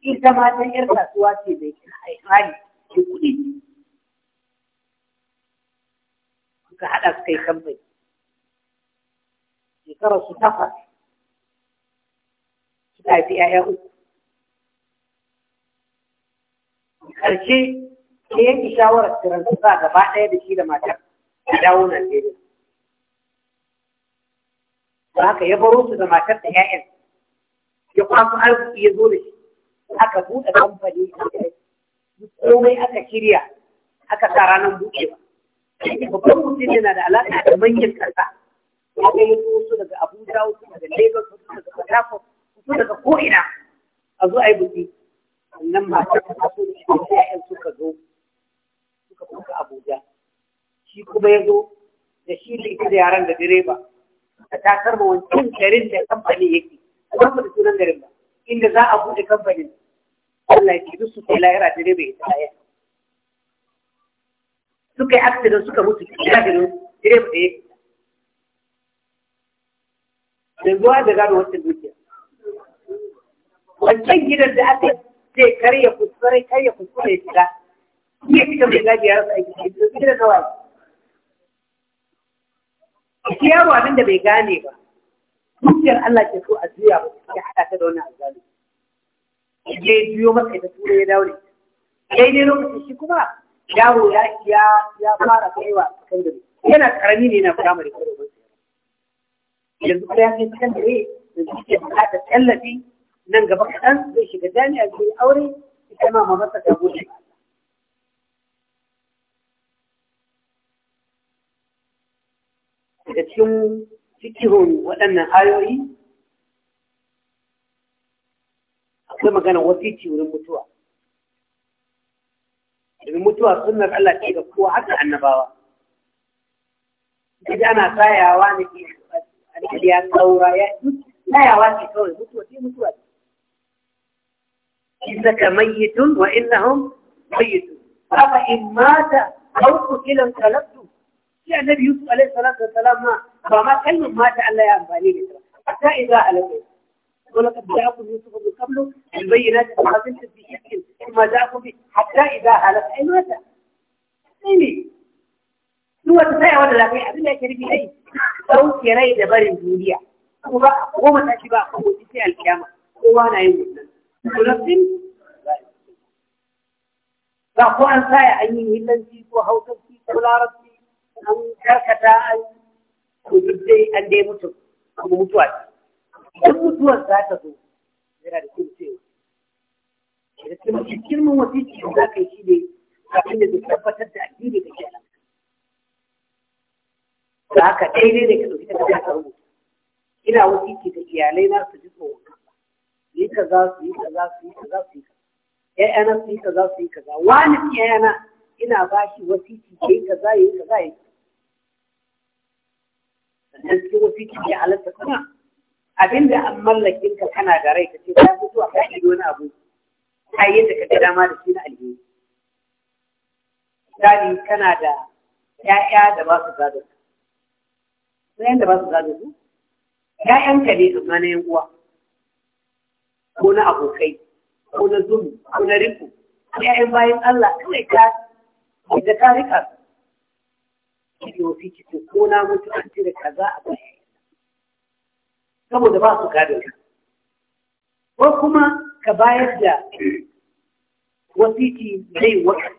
ita ma ta yar kasuwa ce mai hali da kuɗi suka haɗa su kai kamfani shekarar su takwas suka haifi 'ya'ya uku ƙarshe ke yanke shawarar tiransa gaba ɗaya da shi da matar a dawo Najeriya. Ba haka ya baro su da matar da 'ya'yan ya kwaso arziki ya zo da shi aka buɗe kamfani komai aka shirya aka sa ranar ba babban mutum yana da alaƙa da manyan ƙasa ya kai wasu daga abuja wasu daga lagos wasu daga port harcourt wasu daga ko'ina a zo a yi buɗe sannan masu ta taso da shi da suka zo suka fuka abuja shi kuma ya zo da shi da ita da yaran da direba ta takar ma wancan garin da kamfani yake ba da sunan garin ba inda za a buɗe kamfanin Allah ya kiri su kai lahira da bai ta lahira suka yi accident suka mutu kira da dare da ya da a da gano wancan dukiya wancan gidan da aka ce karya kuskure ya kuskure ya shiga iya fita mai gaji ya rasa aiki gidan nawa ne. Shi yaro abin da bai gane ba, dukiyar Allah ke so a juya ba ya haɗa ta da wannan azzali ya yi juyo masa ita tura ya dawo ne daidai lokacin shi kuma yaro ya ya ya fara kaiwa sakandare yana karami ne na firamare kawai yanzu kuma ya kai sakandare yanzu ke buƙatar tallafi nan gaba kaɗan zai shiga jami'a zai aure ita ma mamarsa ta goce ba cikin cikin waɗannan ayoyi akwai magana wasu wasici wurin mutuwa domin mutuwa sunar Allah ce ga kowa haka annabawa ita ana tsayawa ne ke ya tsaura ya tsayawa ke kawai mutuwa ke mutuwa ce Isa ka mayyitun wa inna hum mayyitun Aba in mata hau ku ilan kalabtu. Ya nabi Yusuf alaihi salatu wa salam ma ba ma ما mata يا ya حتى إذا ita يقول لك alaqu جاءكم يوسف من قبله البينات فعزلتم في شك ثم جاءكم به حتى اذا هلك اي متى؟ يعني هو تسعي ولا لا في حبيب يا كريم اي او كيري دبر الدنيا هو ما تاشي بقى هو تسعي القيامه هو انا يموت ولكن لا ko an saya an yi hillanci ko hausanci ko larabci an karkata an ko duk dai an dai mutu kuma mutuwa idan mutuwar za ta zo yana da kyau cewa da kuma girman wasiki da za ka yi shi ne kafin da zai tabbatar da addini da kenan da haka daidai ne ka ɗauki ta kasa ka rubuta ina wasiki da iyalai na su ji tsoron kansa yi za su yi ka za su yi ka za su yi kaza ƴaƴana su yi ka za su yi kaza wani ƴaƴana ina ba shi wasiki ya ka za ya yi kaza ya yi kaza sannan sai wasiki ne halatta kuma abinda an mallakin ka kana da rai ka ce ka fito a kai wani abu kai yadda ka ga dama da shi na alheri misali kana da ƴaƴa da ba su gado ƴaƴan da ba su gado su ƴaƴanka ne amma na yan uwa ko na abokai ko na zumi ko na riko ƴaƴan bayan Allah kawai ka da ka rika su kiyo fi ko na mutu an cire kaza a baya saboda ba su gado ko kuma ka bayar da wasiki zai wata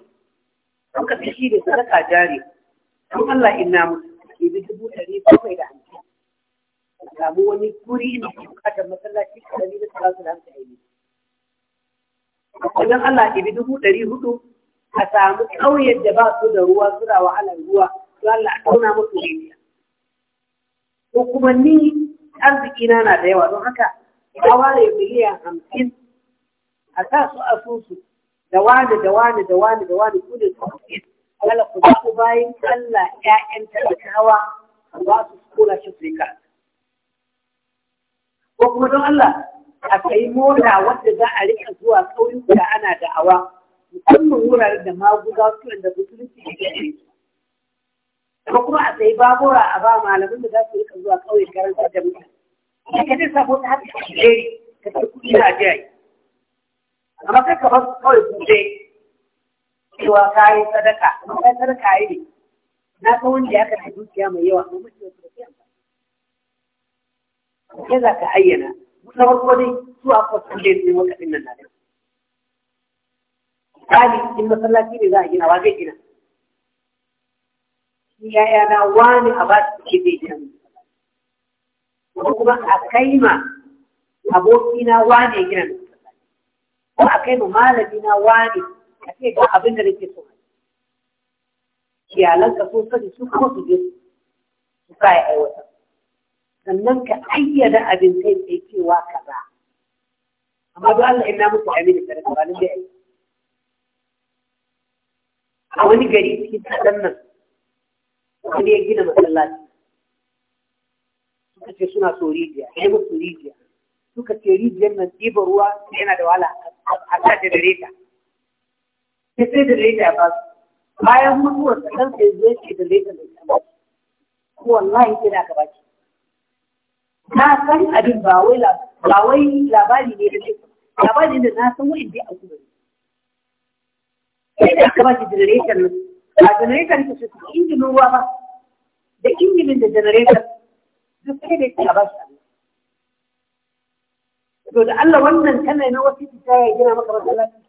don ka fi da sadaka jari don Allah inna mu ke bi dubu ɗari bakwai da hamsin samu wani guri ina bukatar masallaci ɗari da salatu da hamsin wajen Allah ibi dubu ɗari hudu a samu ƙauyen da ba su da ruwa suna wahalar ruwa Allah a tauna musu rijiya to kuma ni arziki na na da yawa don haka a ware miliyan hamsin a sa su asusu da wani da wani da wani da wani ku su su wala ku ku bayan Allah ƴaƴan talakawa su ba su kula shi su ko kuma don Allah a kai mota wadda za a rika zuwa ƙauyuka ana da'awa musamman wuraren da maguza su da musulunci da ke amma kuma a sayi babura a ba malamin da za su rika zuwa kawai karanta da mutane sai ka zai sabo ta haka ka shige ka tafi kuɗi na jiya yi amma kai ka su kawai kuɗe cewa ka yi sadaka amma kai sadaka yi ne na ga wanda ya kashe dukiya mai yawa amma mutum ya tafi amfani ke za ka ayyana na farko dai su a kwasan da ya maka ɗin nan na da Kali in masallaci ne za a gina wa zai gina yaya na wani a ba su ke bai can ko kuma a kai ma abokina wani ya gina ko a kai ma malami na wani a ce ga abin da nake so iyalan ka so sani su kuma su je su sa ya aiwatar sannan ka ayyana abin kai tsaye cewa ba amma duk Allah ina muku amini da rikabanin da ya yi a wani gari cikin kaɗan nan wani ya gina masallaci suka ce suna so rijiya ya yi musu rijiya suka ce rijiyar nan ɗiba ruwa yana da wahala a sa da reta ya sai da reta ba su bayan mutuwar da kan sai zai ce da reta mai sama ko wallahi sai da gaba ce na san abin ba wai labari ne da ke labari da na san wa'in dai a kuma ne sai da aka ba ki da reta nan ba da reta ne ta shi injin ruwa ba The engine in the generator, you paid it a basha. Because Allah wannan kana na wasu ta ya gina maka masallaci.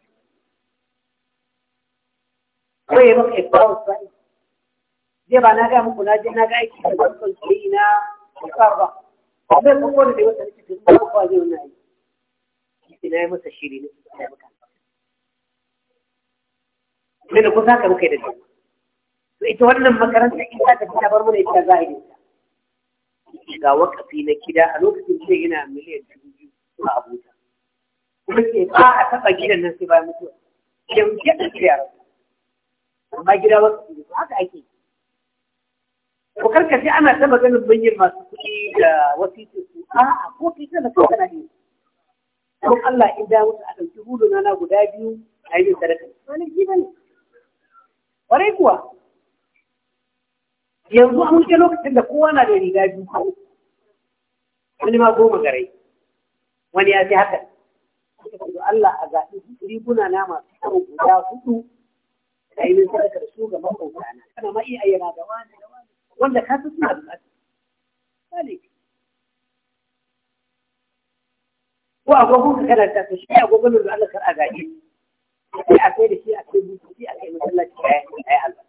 Ko ya maka ifawu sai. Zai ba na ga muku na je na ga aiki da wannan sai na karba. Zai ku ko da wata cikin ba ku aje wannan aiki. Ina yi masa shiri ne. Ne da kusa ka muka yi da jama'a. to ita wannan makarantar in ta tafi ta bar mana ita za a yi ga wakafi na gida a lokacin da yana miliyan dubu biyu a Abuja kuma ke ba a taɓa gidan nan sai bayan mutuwa idan ya ɗauki yaran amma gida wakafi ne haka ake yi ko karka sai ana ta maganin manyan masu kuɗi da wasu su a'a ko kai kana so kana ne Ko Allah in da musu a ɗauki hudu na na guda biyu a yi sadaka wani ji bane kwarai kuwa yanzu an wuce lokacin da kowa na da riga biyu ko wani ma goma garai wani ya fi haka Allah a zaɓi riguna na masu kyau guda hudu da yi min sadaka da su ga makwabta na kana ma iya ayyana da wani da wani wanda ka san suna buƙata sale ko agogon ka kana ta shi agogon da Allah kar a gaje sai a kai da shi a kai bututi a kai masallaci a yi alba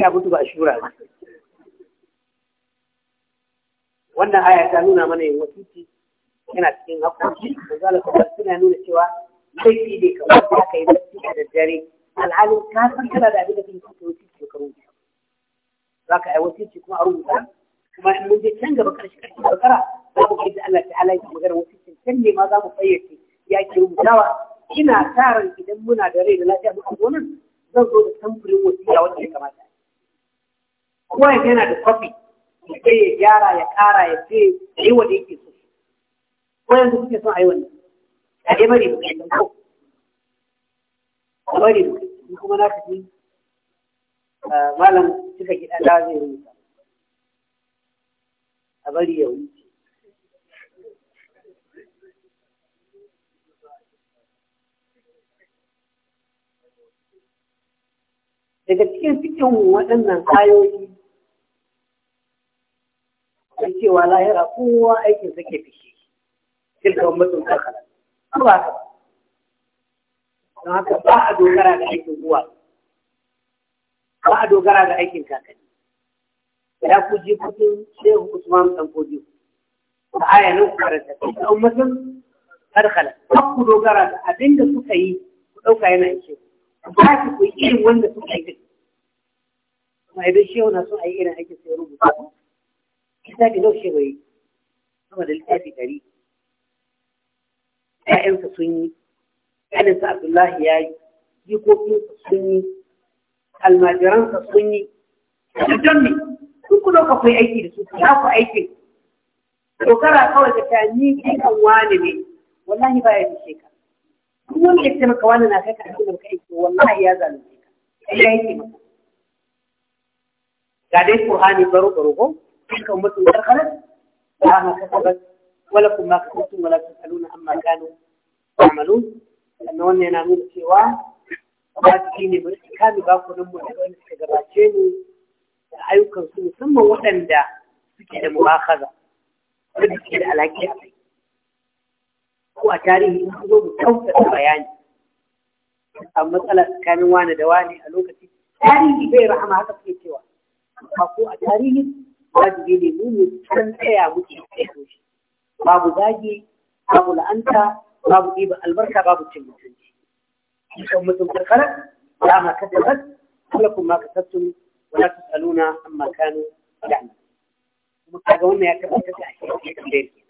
ya mutu ba shura ba wannan aya ta nuna mana yin wasiki yana cikin haƙoƙi da zala kuma suna nuna cewa laifi ne kamar da aka yi wasiki da dare. alhalin ka san kana da abin da kake cikin wasiki da karo za ka yi wasiki kuma a rubuta kuma in mun je can gaba karshe karshe bakara za mu kai da Allah ta'ala ya magana wasikin can ne ma za mu fayyace ya ke rubutawa ina sa idan muna da rai da lafiya mu a gonan zan zo da samfurin wasiya wanda ya kamata kowa ya yana da kwafi ya ce ya gyara ya kara ya ce a yi wanda yake so ko yanzu kuke son a yi wannan a dai bari mu kai ko a bari mu kuma na kaji eh, malam cika gida da zai rubuta a bari ya wuce daga cikin cikin waɗannan ayoyi sai cewa lahira kowa aikin sa ke fishe tilka ummatun karkara kuma ba ka don haka ba a dogara da aikin uwa ba a dogara da aikin kakanni ya ku ji kudin shehu usman dan kodi ta aya nan karanta tilka ummatun ba ku dogara da abinda suka yi ku dauka yana ishe ku ba ku yi irin wanda suka yi kuma idan shehu na so a yi irin aikin sai rubuta littafi nau shi bai sama da littafi ɗari ‘ya'yansa sun yi ƙaninsa abdullahi ya yi jikokinsa sun yi almajiransa sun yi cikin ne sun ka kai aiki da su ya ku aikin Ƙoƙara kawai ka ta ni kai kan wani ne wallahi ba ya fi ka duk wani ya taimaka wani na kai ka aikin da aiki wallahi ya zalunce ka ya yi taimaka ga dai ƙur'ani baro baro ko تلك أمة دخلت لها ما كسبت ولكم ما كسبتم ولا تسألون عما كانوا يعملون لأن وانا ينامون سواه ba su ne ba su bakunan mu da wani suka gabace mu da ayyukansu musamman waɗanda suke da mubakaza wanda suke da alaƙi a kai ko a tarihi in zo mu kyautata bayani a matsala tsakanin wani da wani a lokaci tarihi bai rahama haka suke cewa amma ko a tarihi wajibi ne mu ne san tsaya muke tsaye shi babu zagi babu la'anta babu ɗiba albarka babu cin mutunci kan mutum karkara ya ma kula kuma ka kasabtum wala tusaluna amma kanu ya'lamun kuma kaga wannan ya tabbata da shi da shi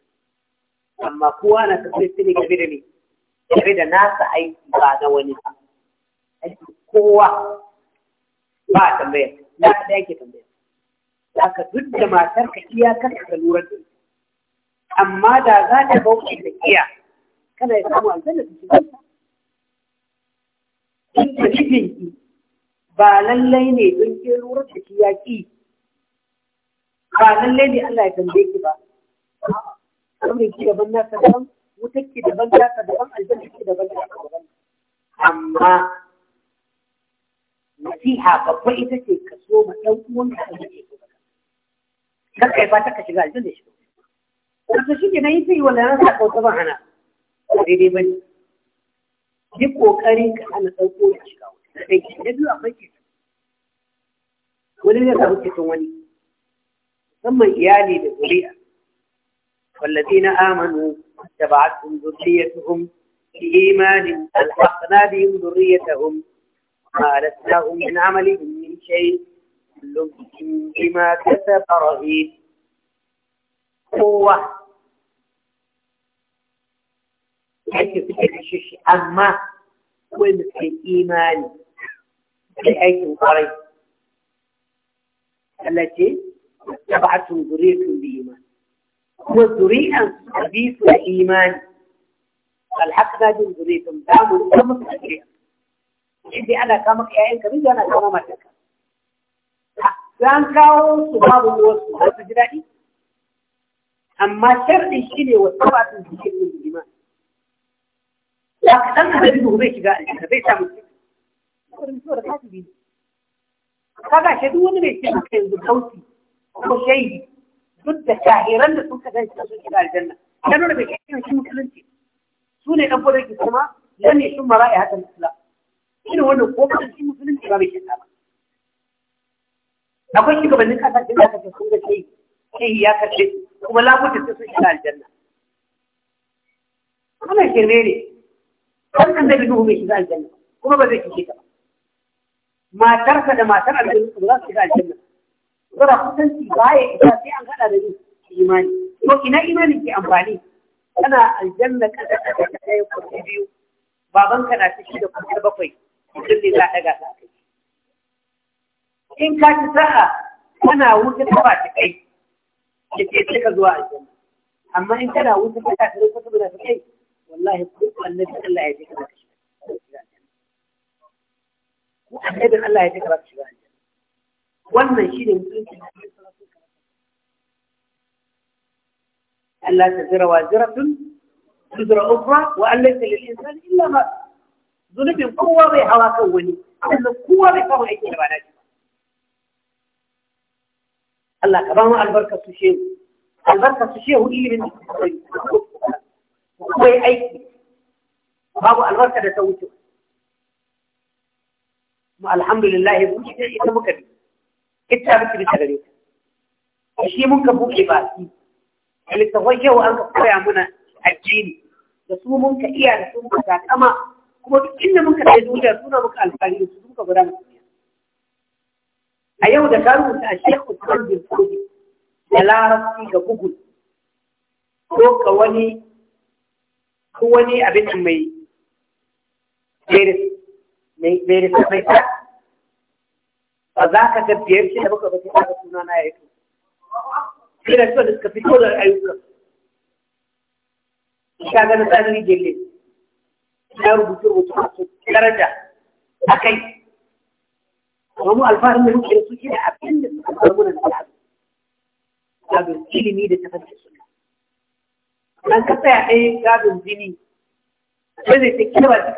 amma kowa na tafiya ne game da ni game da nasa aiki ba na wani ba aiki kowa ba tambaya na ɗaya yake tambayar. da duk da matar ka kasa ka lura da amma da za ta bauta da iya kana ya samu aljanna da cikin in ba lallai ne don ke lura da shi ya ki ba lallai ne Allah ya tambaye ki ba kamar ki daban nasa daban wutar ki daban nasa daban aljanna ki daban nasa daban amma nasiha babba ita ce ka so ma ɗan uwanka a yake dan kai fata ka shiga aljanna shi wato shi ke yi sai wala na sa kauka ba hana daidai ba ne kokari ka hana ɗauko ya shiga wata da da biyu akwai ke wani ka samu tun wani musamman iyali da zuriya والذين آمنوا اتبعتهم ذريتهم بإيمان ألحقنا بهم ذريتهم ما لسناهم من عملهم من شيء كل بما كسب رهيب قوة حيث فكر أما ومثل الإيمان بحيث القريب التي اتبعتهم ذريعة بإيمان وذريعة حديث الإيمان الحق ذريعة دام داموا الأمر عندي أنا كامك يا إنك أنا كمامتك an kawo su babu wasu za su ji daɗi amma sharɗin shi ne wasu ba su ne da ima. ya ka ɗan ka dabi bai shiga aljanna bai samu cikin tsoron ta su biyu kaga shi duk wani mai cikin ka yanzu kauti ko shaidi duk da shahiran da sun kasance su shiga aljanna ya nuna bai cikin shi musulunci su ne ɗan fadar kuma lalle sun mara'i hakan Shi ne wanda ko kasance musulunci ba bai shiga ba akwai shugabannin kasashen da aka sun da shehi shehi ya karɓe kuma labuta sai sun shiga aljanna kuma shirme ne wannan zai duhu mai shiga aljanna kuma ba zai shige ta ba matarsa da matar aljanna ba za su shiga aljanna zara kusanci baya ita sai an haɗa da ni imani to ina imani ke amfani kana aljanna kada ka ɗaya kurfi biyu babanka na ciki da kurfi bakwai mutum ne za a ɗaga ta kai in ka ci sa'a kana wuce ta ba ta kai da ke sai ka zuwa aljanna amma in kana wuce ta kai ka zuwa ta kai wallahi ko annabi Allah ya ji ka baka shiga ko annabi Allah ya ji ka baka shiga aljanna wannan shine mutunci ألا تزر وازرة تزر أخرى وأن ليس للإنسان إلا ما ظلم قوة بحواك ولي أن قوة بحواك ولي Allah ka ba mu albarkar su shehu albarkar su shehu ilimin da kuma yi aiki babu albarka da ta wuce kuma alhamdulillah buɗe ta ita muka bi ita muke bisa gare ta shi muka buɗe baki da littafin shehu an ka koya muna addini da su mun ka iya da su muka kama kuma duk inda muka sai duniya suna muka alfahari su duka gudanar a yau da ka rubuta a shekhu usman bin kudi da larabci ga google ko ka wani ko wani abin mai mai mai ta ba za ka ga biyar shi da baka bata ga suna na yato kira shi da suka fito da ayyuka ka ga na tsari gelle ya rubutu rubuta masu daraja a kai domin alfaharin da muke raguna da al'adu gabin da tafarki suna an ka ta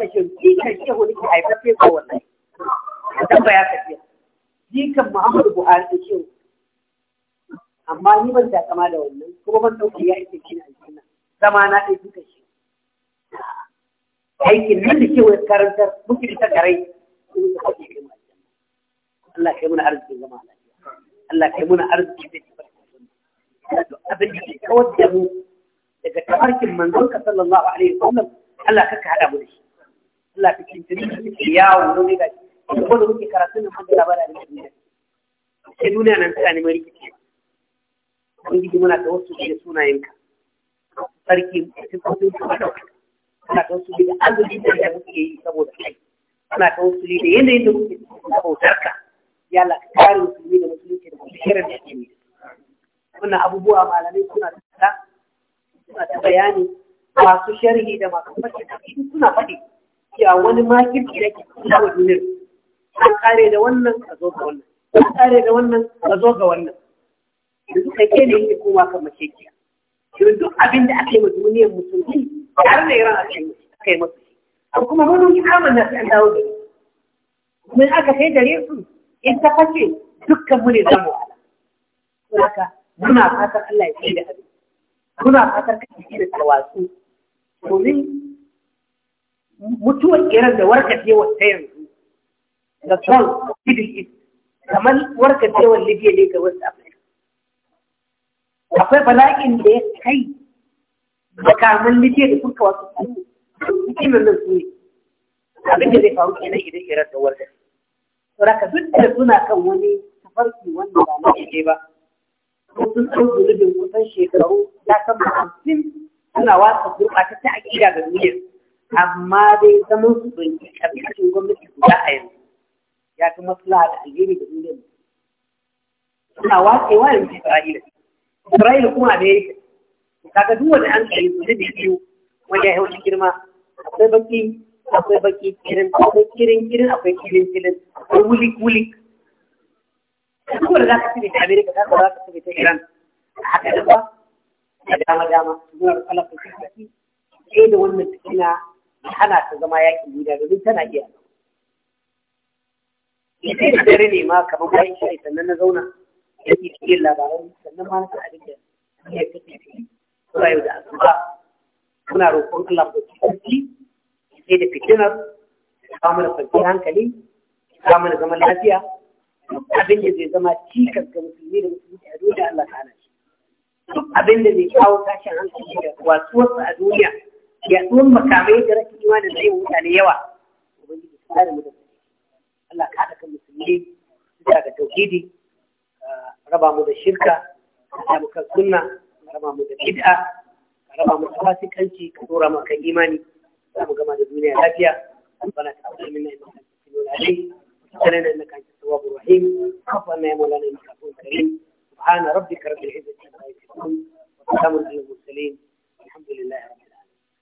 kewa shi haifar tambaya muhammadu buhari da amma ni ban takama da wannan kuma ban ɗauke ya zama na duka shi aikin Allah ya yi mana arziki zama Allah kai muna arziki da tafarkin sunna to abin da ke kawar da mu daga tafarkin manzon ka sallallahu alaihi wasallam Allah ka hada mu da shi Allah ka kintiri mu ke yawo don ga shi ko da muke karatu nan mun da bara da shi ke duniya nan ta ne mari kike ubangiji muna ta wasu da sunayenka sarki sifofin ka da ana ta wasu da azumi da muke yi saboda kai ana ta wasu da yanayin da muke saboda ka ya Allah ka kare musulmi da musulunci da alherin da ke ne wannan abubuwa malamai suna da ta suna da bayani masu sharhi da masu fashe da suna faɗi cewa wani makin da ke kusa wa duniyar an kare da wannan ka zo ga wannan an kare da wannan ka zo ga wannan yanzu kai ke ne yake koma kan mace kiya duk abin da aka yi ma duniyar musulmi har da iran aka yi masu shi kuma wani kamar na sai an dawo da kuma aka sai gare su in ta fashe dukkan mu ne za mu wahala haka muna fatan Allah ya kai da hadu muna fatan kai da tawasu domin mutuwar iran da warkacewar ta yanzu da sol middle east kamar warkacewar libya ne ga wasu afirka akwai bala'in da ya kai kamar libya da kuka wasu su cikin nan su ne abin da zai faru kenan idan iran da warkacewar Raka duk da suna kan wani tafarki wanda ba na ke ba. Sun ɗau zunubin kusan shekaru ya san hamsin suna watsa gurɓata ta aƙida ga duniyar. Amma dai zaman su don yi ƙarƙashin gwamnati guda a yanzu. Ya fi maslaha da alheri da duniyar. Suna watsewa yanzu Isra'ila. Isra'ila kuma Amerika. Kaga duk wanda an tsaye zunubi biyu wani wajen yawan girma akwai baki akwai baki kirin akwai kirin kirin akwai kirin kirin akwai wulik wulik kowar za ka tafi ta amerika ta za ka tafi ta iran haka da ba da dama dama zuwa kwanan kusa kaki sai da wannan tukina hana ta zama yakin gida domin tana iya sai da dare ne ma kamar bayan shi sannan na zauna ya ke cikin labaran sannan ma na sa abin da ya fi tafi zuwa yau da asuba muna roƙon Allah ko ci sai da fitinar samun kwanciyar hankali samun zaman lafiya abin da zai zama cikas ga musulmi da musulmi a duniya Allah ta hana shi duk abin da zai kawo tashin hankali da wasuwarsa a duniya ya tsohon makamai da rashin imanin da yi mutane yawa ubangiji ta kare mu da Allah ka haɗa kan musulmi bisa ga tauhidi raba mu da shirka ka mu kan sunna raba mu da bid'a raba mu da fasikanci ka dora mu kan imani samu gama da duniya lafiya bana ta abin minna ina kan cikin lalai sanin da ina kan cikin tawabu rahim kafa na yi mulana ina kan cikin kare subhana rabbika rabbil izzati amma yasifun wa salamun alal mursalin